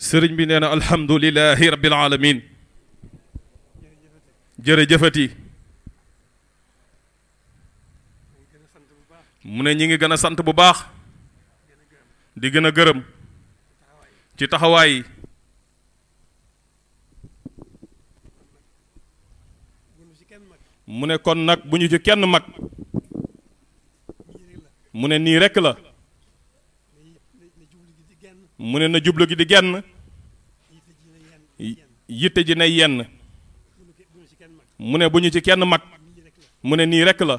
sëriñ bi nee na alhamdulilahi rabbil alamin jërëjëfati mu ne ñu ngi gën a sant bu baax di gën a gërëm ci taxawaay yi mu ne kon nag bu ñu ci kenn mag mu ne nii rekk la mu ne na jublu gi di genn yitte ji nay yenn mu ne bu ñu ci kenn mag mu ne nii rekk la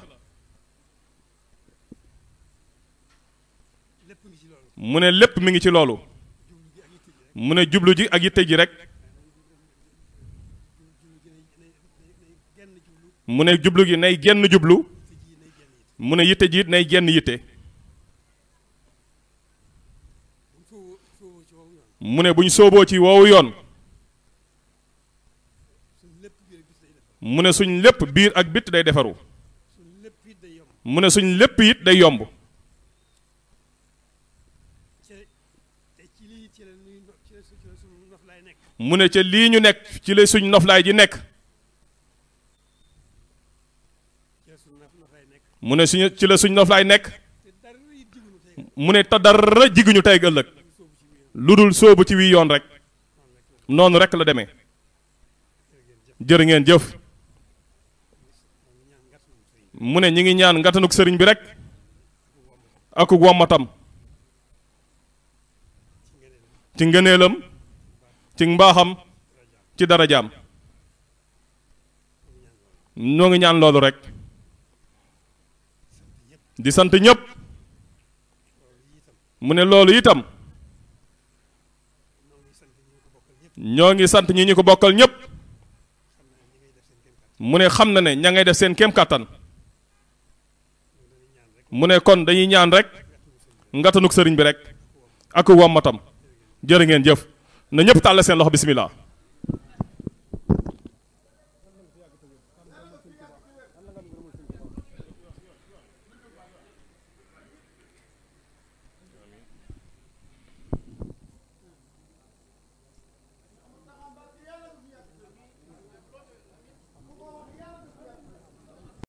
mu ne lépp mi ngi ci loolu mu ne jublu ji ak yitte ji rek mu ne jublu gi nay genn jublu mu ne yitte ji it nay genn yitte mu ne buñ sooboo sóoboo ci woowu yoon mu ne suñ lépp biir ak bit day defaru mu ne suñ lépp it day yomb mu ne ci lii ñu nekk ci la suñ noflaay ji nekk mu ne suñu ci la suñ noflaay nekk mu ne te dara jiguñu tey ëllëg lu dul sóobu ci wii yoon rek noonu rek la deme jërë ngeen jëf mu ne ñu ngi ñaan ngatanuk sëriñ bi rek ak wommatam ci ngëneelam ci mbaaxam ci darajaam ñoo ngi ñaan loolu rek di sant ñépp mu ne loolu itam ñoo ngi sant ñi ñu ko bokkal ñépp mu ne xam na ne ña ngay def seen kéem kàttan mu ne kon dañuy ñaan rek ngatanuk sëriñ bi rek ak wommatam jërë ngeen jëf na ñépp tàll seen loxo bismillah